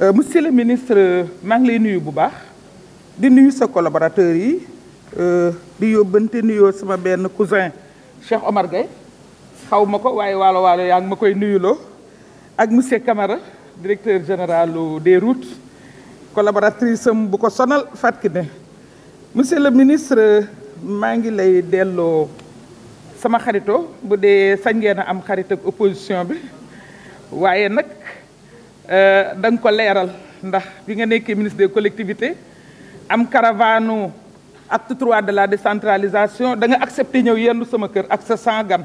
Euh, monsieur le ministre maa ngi lay nuyu bu baax di nuyu sa collaborateur yi euh, di yóbbante nuyoo sama benn cousin Cheikh Omar Gueye xaw ma ko waaye waalo waalo yaa ngi ma koy nuyuloo ak monsieur Camara directeur général des routes collaboratrice am bu ko sonal fàtki ne monsieur le ministre maa ngi lay delloo sama xarito bu dee sañ ngeen a am xarit ak opposition bi waaye nag Euh, da nga ko leeral ndax bi nga nekkee ministre des collectivité am caravane at trois de la décentralisation da nga accepté ñëw yenn sama kër ak sa sans gan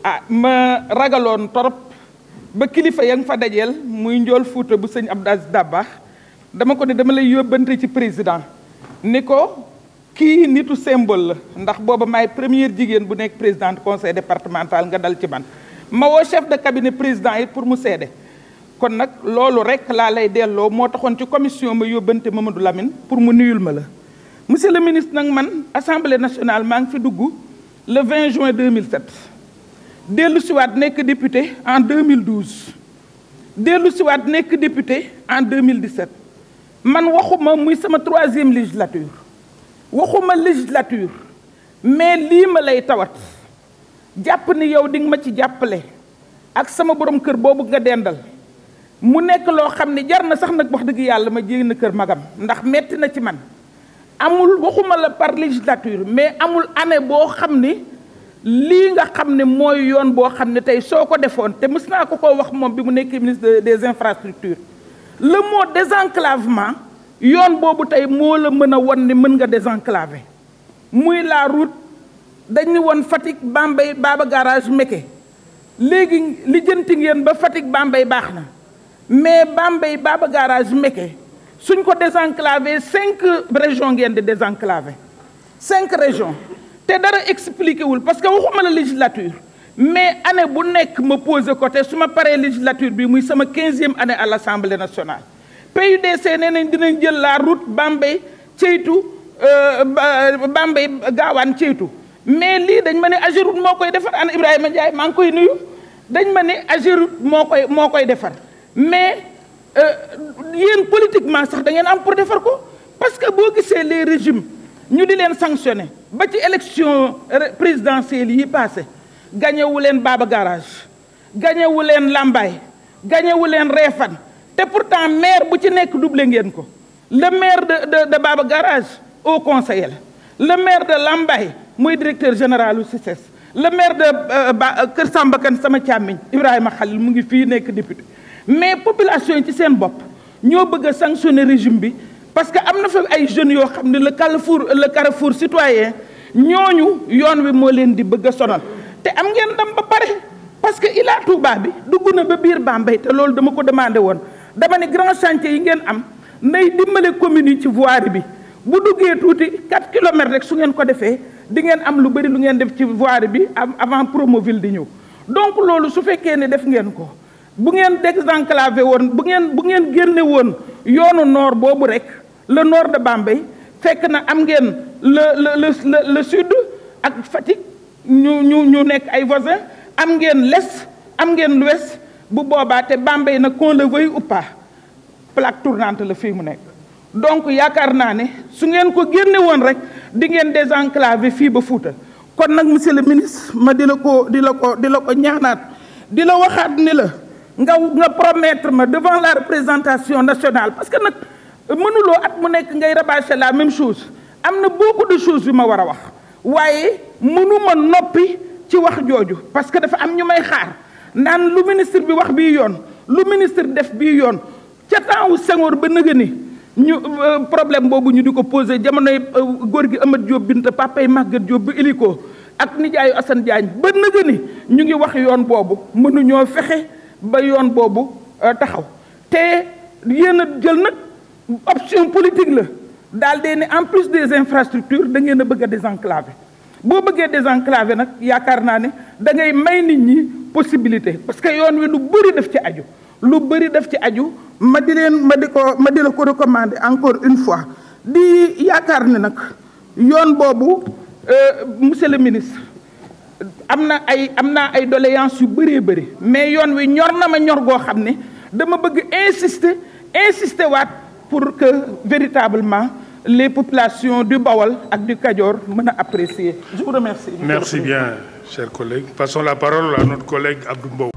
ah ma ragaloon torop ba kilifa ya fa dajeel muy njool fuuta bu sëñ Abdou Aziz Dabakh dama ko ne dama lay yóbbante ci président ni ko kii nitu symbole la ndax booba maay première jigéen bu nekk présidente conseil départemental nga dal ci man ma woo chef de cabinet président yi pour mu seede kon nag loolu rek laa lay delloo moo taxoon ci commission ma yóbbante du Lamine pour mu nuyul ma la monsieur le ministre nag man assemblée nationale maa ngi fi dugg le 20 juin 2007 dellu siwaat nekk député en 2012 dellu siwaat nekk député en 2017 man waxuma muy sama troisième législature waxuma législature mais lii ma lay tawat jàpp ni yow di nga ma ci jàppale ak sama borom kër boobu nga dendal mu nekk loo xam ne jar na sax nag wax dëgg yàlla ma jéem na kër magam ndax metti na ci man amul waxuma la par législature mais amul année boo xam ni lii nga xam ne mooy yoon boo xam ne tey soo ko defoon te mës naa ko ko wax moom bi mu nekk ministre des infrastructures le mot désenclavement yoon boobu tey moo la mën a won ni mën nga des désenclaver muy la route dañu woon Fatick Bambey Baba Garage Meke léegi lijjanti ngeen ba Fatick Bambey baax na mais Bambey Baba Garage Mékhé suñ ko désenclavé cinq régions ngeen di désenclavé cinq régions te dara expliqué wul parce que waxuma la législature mais année bu nekk ma posé côté su ma paree législature bi muy sama quinzième année à l' assemblée nationale PUDC nee nañ dinañ jël la route Bambey Ceytu euh, Bambey Gaawaan Ceytu mais lii dañ ma ne Ageroute moo koy defar an Ibrahima Ndiaye maa ngi koy nuyu dañ ma ne Ageroute moo koy moo koy defar mais euh, yéen politiquement sax da ngeen am pour defar ko parce que boo gisee les régimes ñu di leen sanctionné ba ci élection présidentielle yi passé gañewu leen Baba Garage gañewu leen Lambaye gañewu leen Réfane te pourtant maire bu ci nekk doublé ngeen ko le maire de de de Baba Garage au conseiller la le maire de Lambaye muy directeur général u CICES le maire de euh, euh, Kër Samba kan sama càmmiñ Ibrahima Khalil mu ngi fii nekk député mais population yi ci seen bopp ñoo bëgg a sanctionner régime bi parce que am na fa ay jeunes yoo xam ne le carrefour le carrefour citoyen ñooñu yoon wi moo leen di bëgg a sonal te am ngeen dem ba pare parce que Ila Touba bi dugg na ba biir Bambey te loolu dama ko demandé woon dama ne grand chantier yi ngeen am nay dimbale communes yi ci voirie bi bu duggee tuuti 4 kilomètres rek su ngeen ko defee di ngeen am lu bëri lu ngeen def ci voirie bi am avant Promoville di ñëw donc loolu su fekkee ne def ngeen ko bu ngeen désenclavé woon bu ngeen bu ngeen génne woon yoonu noor boobu rek la noor de Bambey fekk na am ngeen le le le sud ak Fatick ñu ñu ñu nekk ay voisins am ngeen les am ngeen lu wes bu boobaa te Bambey nag qu'on le veuille ou pas plaque tournante la fii mu nekk. donc yaakaar naa ne su ngeen ko génne woon rek di ngeen désenclavé fii ba Fuuta kon nag monsieur le ministre ma di la ko di la ko di la ko ñaanaat di la waxaat ni la. nga nga promettre ma devant la représentation nationale parce que nag mënuloo at mu nekk ngay rabâcher la même chose am na beaucoup de choses yu ma war a wax waaye mënuma noppi ci wax jooju parce que dafa am ñu may xaar naan lu ministre bi wax bii yoon lu ministre def bii yoon ca temps wu Senghor ba nëga ñu euh, problème boobu ñu di ko posé jamonoy euh, góor gi amat Diop Binta papay Maguette Diop bu Iliko ak nijaayu Assane Diagne ba nëga ni ñu ngi wax yoon boobu mënuñoo fexe ba yoon boobu euh, taxaw te yéen a jël nag option politique la daal dee ne en plus des infrastructures da ngeen a bëgg a désenclaver boo bëggee désenclaver nag yaakaar naa ne da ngay may nit ñi possibilité parce que yoon wi lu bëri def ci aju lu bëri def ci aju ma di leen ma di ko ma di la ko recommander encore une fois di yaakaar ne nag yoon boobu euh, monsieur le ministre am na ay am naa ay doléance yu bëree bëri mais yoon wi ñor na ma ñor goo xam ne dama bëgg insister insister waat pour que véritablement les populations du Bawol ak du Kajoor mën a apprécier je vous remercie. merci bien chers collègues passons la parole à notre collègue Abdou Mbow.